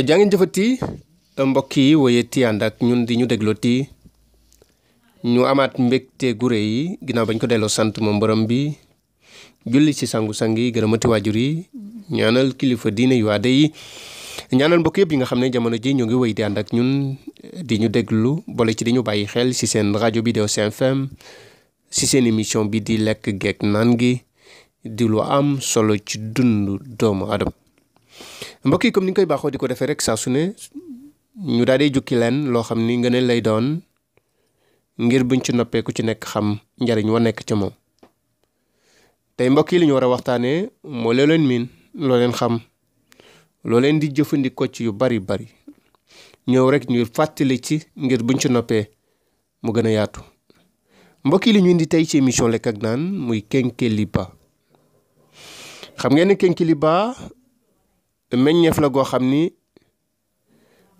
jaa ngeen jëfati mbokk yi woyeti ànd ak ñun di ñu déglooti ñu amaat mbégte te gure yi ginnaaw bañ ko delloo sant moom borom bi julli ci sangu-sang yi mati waajur yi ñaanal kilifa diine yu aada yi ñaanal mbokk yëpp yi nga xam ne jamono ji ñoo ngi woy di ak ñun di ñu déglu boole ci di bàyyi xel ci seen rajo bi di Ocean FM ci seen émission bi di lekk geek naan gi di lu am solo ci dundu doomu aadama mbokk yi comme ni koy baaxoo di ko defee rek saa su ne ñu daal di jukki leen loo xam ni ngëneel lay doon ngir buñ ci noppee ku ci nekk xam njariñ wa nekk ca moom tey mbokk yi li ñu war a waxtaanee moo loo miin loo leen xam loo leen di jëfandikoo ci yu bari bari ñëw rek ñu fàttali ci ngir buñ ci noppee mu gën a yaatu mbokki yi li ñu indi tey ci émission lekk ak naan muy Kénkéliba xam ngeen ne Kénkéliba meññeef la goo xam ni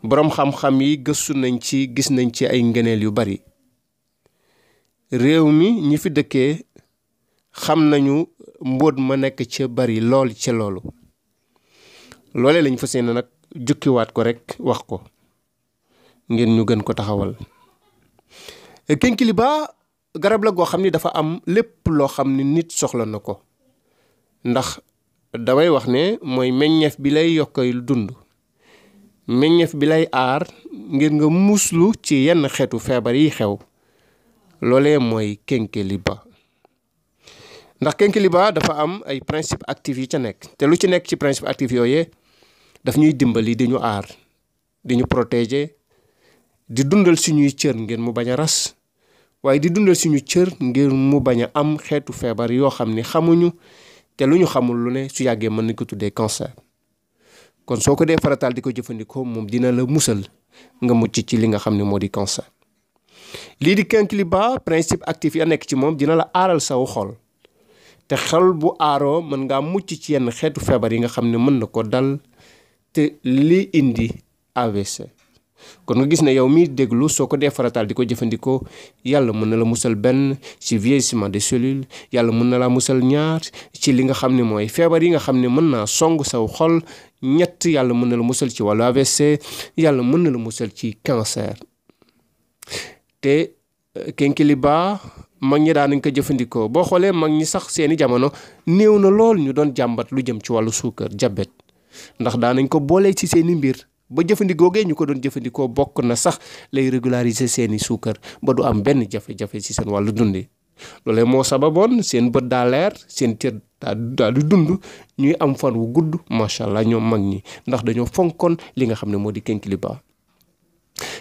boroom xam-xam yi gëstu nañ ci gis nañ ci ay ngëneel yu bari réew mi ñi fi dëkkee xam nañu mbóot ma nekk ca bari lool ca loolu loole lañ fa yéene nag jukkiwaat ko rekk wax ko ngir ñu gën ko taxawal kinkiliba garab la goo xam ni dafa am lépp loo xam ni nit soxla na ko ndax damay wax ne mooy meññeef bi lay yokkay dund meññeef bi lay aar ngir nga muslu ci yenn xeetu feebar yi xew loole mooy kénkeliba ndax kénkeliba dafa am ay principe actif yi ca nekk te lu ci nekk ci principe actif yooye daf ñuy dimbali di ñu aar di ñu protéger di dundal suñuy cër ngir mu bañ a ras waaye di dundal suñu cër ngir mu bañ a am xeetu feebar yoo xam ni xamuñu te lu ñu xamul lu ne su yàggee mën na ko tuddee cancer kon soo ko dee farataal di ko jëfandikoo moom dina la musal nga mucc ci li nga xam ne moo di cancer. lii di kinkiliba principe actif ya nekk ci moom dina la aaral saw xol te xel bu aaroo mën ngaa mucc ci yenn xeetu feebar yi nga xam ne mën na ko dal te li indi AVC. kon nga gis ne yow miy déglu soo ko dee farataal di ko jëfandikoo yàlla mën na la musal benn ci vieillissement de cellules yàlla mën na laa musal ñaar ci li nga xam ne mooy feebar yi nga xam ne mën naa song saw xol ñett yàlla mën na la musal ci wàllu AVC yàlla mën na la musal ci cancer te euh, kenkiliba mag ñi daan nañ ko jëfandikoo boo xoolee mag ñi sax seeni jamono néew na lool ñu doon jàmbat lu jëm ci wàllu suukar jabet ndax daan nañ ko boolee ci seeni mbir ba jëfandikoo jëfandikoogee ñu ko doon jëfandikoo bokk na sax lay régulariser seeni suukar ba du am benn jafe-jafe ci seen wàllu dundi loolee moo sababoon seen bët daa leer seen cër daal di dund ñuy am fan wu gudd macha allah ñoom mag ñi ndax dañoo fonkoon li nga xam ne moo di kinkiliba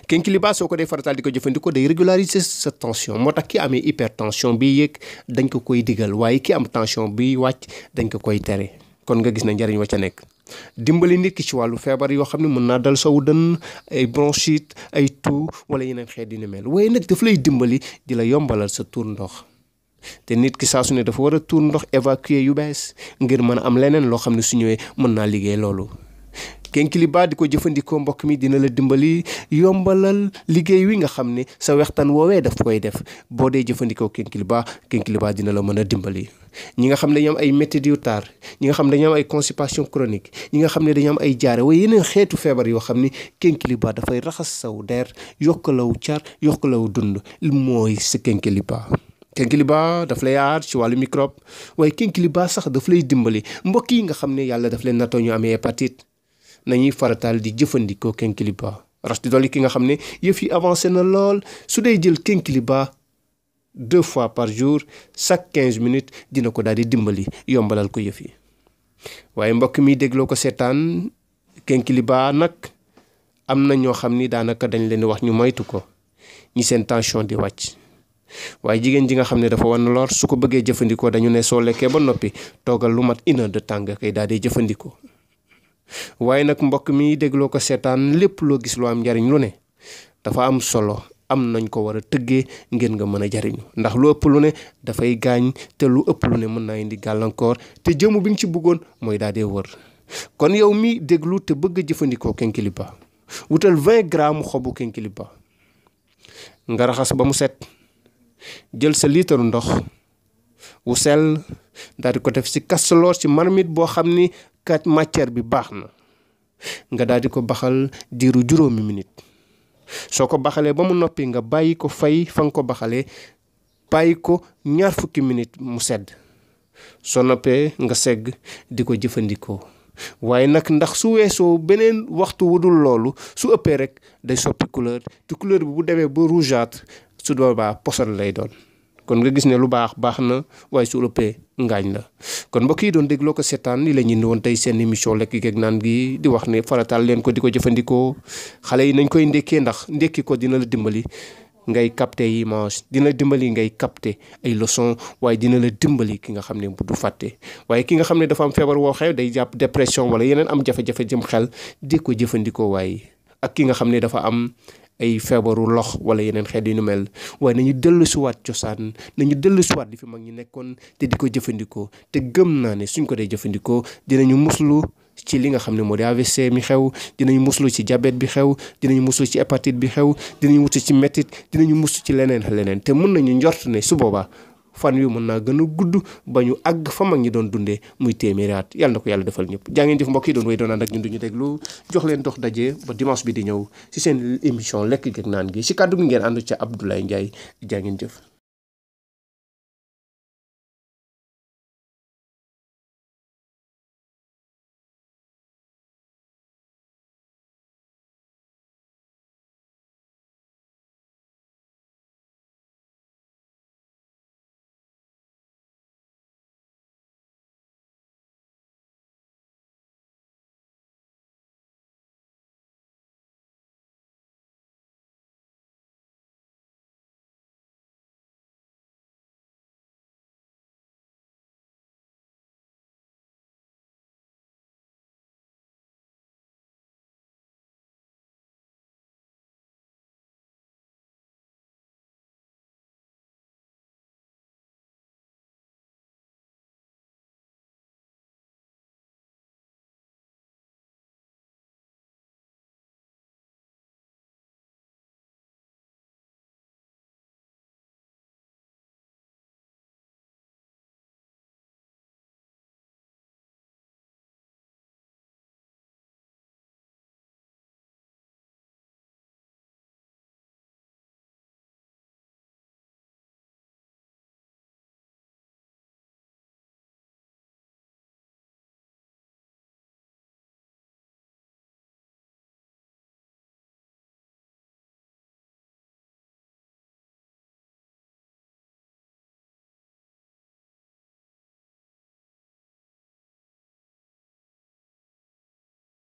kinkiliba soo ko dee farataal di ko jëfandikoo day régulariser sa tension moo tax ki amee hypertension bi yéeg dañ ko koy digal waaye ki am tension bi wàcc dañ ko koy tere kon nga gis ne njariñ wa ca nekk dimbali nit ki ci wàllu feebar yoo xam ne mën naa dal saw dënn ay bronchite ay toux wala yeneen xeet dina mel waaye nag daf lay dimbali di la yombalal sa tuur ndox te nit ki saa su ne dafa war a tuur ndox évacuer yu bees ngir mën a am leneen loo xam ne su ñëwee mën naa liggéey loolu Kinkeliba di ko jëfandikoo mbokk mi dina la dimbali yombalal liggéey wi nga xam ne sa waxtaan woowee daf koy def boo dee jëfandikoo Kinkeliba Kinkeliba dina la mën a dimbali ñi xam ne dañoo ay metit yu tar ñi xam ne ay constipation chronique ñi nga xam ne dañoo am ay jaare waaye xeetu feebar yoo xam ne Kinkeliba dafay raxas saw der yokkalaw car yokkalaw dund mooy si Kinkeliba Kinkeliba daf lay aar ci wàllu microbe waaye Kinkeliba sax daf lay dimbali mbokk yi nga xam ne yàlla daf leen natoo ñu amee hépatite nañuy farataal di jëfandikoo kinkeliba rax di dolli ki nga xam ne yëf yi avancé na lool su dee jël kinkeliba deux fois par jour chaque quinze minutes dina ko daal di dimbali yombalal ko yëf yi waaye mbokk mi dégloo ko seetaan kinkeliba nag am na ñoo xam ni daanaka dañ leen wax ñu moytu ko ñi seen tension di wàcc waaye jigéen ji nga xam ne dafa wan lool su ko bëggee jëfandikoo dañu ne soo lekkee ba noppi toogal lu mat une de temps nga daal di jëfandikoo. waaye nag mbokk mi dégloo ko seetaan lépp loo gis lu am njariñ lu ne dafa am solo am nañ ko war a tëggee ngeen nga mën a jariñu ndax lu ëpp lu ne dafay gaañ te lu ëpp lu ne mën naa indi gàllankoor te jëmu bi nga ci bëggoon mooy daa wër kon yow mi déglu te bëgg a jëfandikoo kenkiliba wutal 20 grammes xobu kenkiliba nga raxas ba mu set jël sa liitaru ndox wu sell daal ko def ci casserole ci marmite boo xam ni kat matière bi baax na nga daal di ko baxal diiru juróomi minit soo ko baxalee ba mu noppi nga bàyyi ko fay fa nga ko baxalee bàyyi ko ñaar fukki minit mu sedd soo noppee nga segg di ko jëfandikoo waaye nag ndax su weesoo beneen waxtu wu dul loolu su ëppee rek day soppi couleur te couleur bi bu demee ba rougeâtre su boobaa posone lay doon kon nga gis ne lu baax baax na waaye su ëppee ngaañ la kon mbokk yi doon dégloo ko seetaan li la ñu indi woon tey seen mission lekk geeg naan gi di wax ne farataal leen ko di ko jëfandikoo xale yi nañ koy ndekkee ndax ndekki ko dina la dimbali ngay capter image dina dimbali ngay capter ay leçon waaye dina la dimbali ki nga xam ne bu du fàtte waaye ki nga xam ne dafa am feebar woo xew day jàpp dépression wala yeneen am jafe-jafe jëm xel di ko jëfandikoo waaye ak ki nga xam ne dafa am ay feebaru lox wala yeneen xeet yu nu mel waaye nañu dellu siwaat cosaan nañu dellu siwaat di fi mag ñu nekkoon te di ko jëfandikoo te gëm naa ne suñ ko dee jëfandikoo dinañu muslu ci li nga xam ne moo di AVC mi xew dinañu muslu ci diabète bi xew dinañu muslu ci hépatite bi xew dinañu muslu ci métit dinañu muslu ci leneen leneen te mën nañu njort ne su boobaa fan wi mën naa gën a gudd ba ñu àgg fa mag ñi doon dundee muy téeméeri at yàlla yàlla defal ñëpp jaa jëf mbokk yi doon way doon ànd ak ñun duñu lu jox leen dox daje ba dimanche bi di ñëw ci seen émission lekk geeg naan gi si kàddu gi ngeen ànd ca Abdoulaye Ndiaye jaa ngeen jëf